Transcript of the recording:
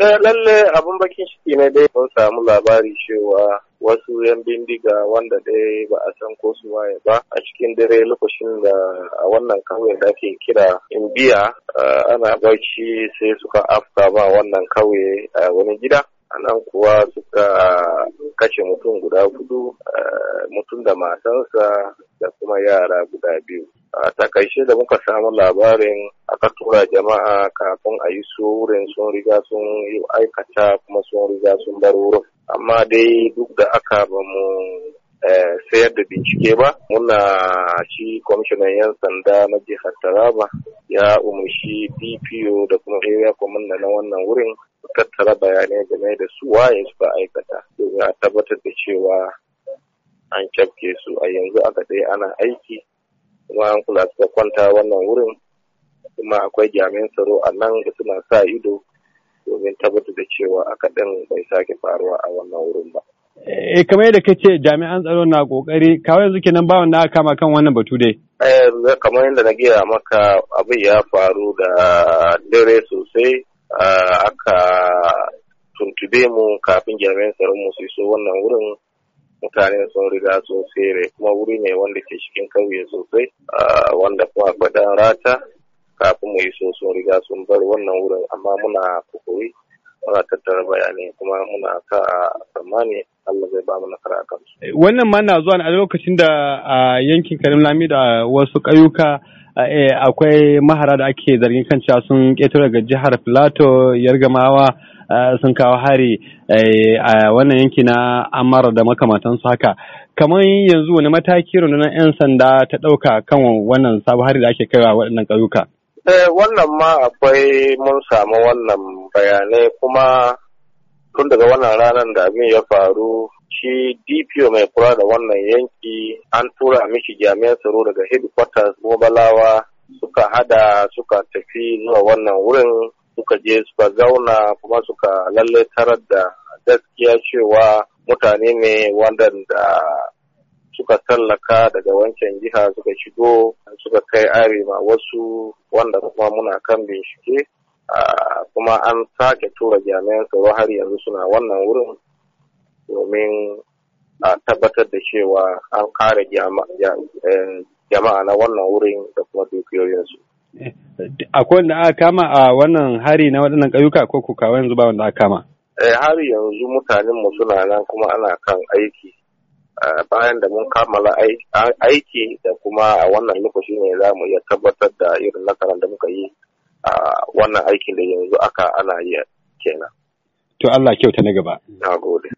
lalle abin bakin ciki ne dai mun samu labari cewa wasu yan bindiga wanda dai ba a san ko su waye ba a cikin dare lokacin da a wannan kauye da ake kira imbiya ana barci sai suka afka ba wannan kauye a wani gida anan kuwa suka kashe mutum guda hudu mutum da matansa da kuma yara guda biyu a takaice da muka samu labarin aka tura jama'a kafin a yi su sun riga sun yi aikata kuma sun riga sun bar wurin amma dai duk da aka ba mu eh, sayar da bincike ba muna shi kwamishinan 'yan sanda na jihar taraba ya umarci dpo da kuma area commander na wannan wurin tattara bayanai game da su waye suka aikata domin a tabbatar da cewa an cafke su a yanzu aka dai ana aiki kuma an kula suka kwanta wannan wurin kuma akwai jami'an tsaro a nan da suna sa ido domin tabbatar da cewa akaɗin bai sake faruwa a wannan wurin ba. Eh kamar yadda ka ce jami'an tsaro na kokari kawai yanzu kenan ba wanda aka kama kan wannan batu dai. Eh kamar yadda na gaya maka abin ya faru da dare sosai ah, aka tuntube mu kafin jami'an tsaron mu su iso wannan wurin mutane sun riga sosai sere kuma wuri ne wanda ke cikin kauye sosai wanda kuma gwadan rata kafin mu iso sun riga sun bar wannan wurin amma muna kukuri. muna tattara bayanai kuma muna sa tsammani Allah zai ba mu nasara a kansu. Eh, wannan ma na zuwa a lokacin da a yankin Karim Lami da wasu ƙauyuka eh, akwai mahara da ake zargin kan cewa sun ƙetare daga jihar Filato, Yargamawa sun kawo hari eh, a wannan yanki na Amara da makamantansu haka. Kamar yanzu wani mataki rundunar 'yan sanda ta ɗauka kan wannan sabon hari da ake kaiwa waɗannan ƙauyuka? Eh, wannan ma akwai mun samu wannan bayanai kuma tun daga wannan ranar da abin ya faru shi DPO mai kula da wannan yanki an tura mishi jami'an tsaro daga headquarters Mobalawa suka hada suka tafi zuwa wannan wurin suka je suka zauna kuma suka lalle tarar da gaskiya cewa mutane ne wanda suka tallaka daga wancan jiha suka shigo suka kai arewa wasu wanda kuma muna kan bincike kuma an sake tura jami'an tsaro har yanzu suna wannan wurin domin a tabbatar da cewa an kare eh, jama'a na wannan wurin da kuma dukiyoyinsu. Eh, akwai wanda aka kama a wannan hari na waɗannan ƙauyuka ko kuka yanzu ba wanda aka kama? Eh, har yanzu mutanenmu suna nan kuma ana kan aiki bayan da mun kammala aiki da kuma a wannan lokaci ne za mu iya tabbatar da irin nasarar da muka yi a wannan aikin da yanzu aka ana iya kenan. To Allah kyauta na gaba. Na gode.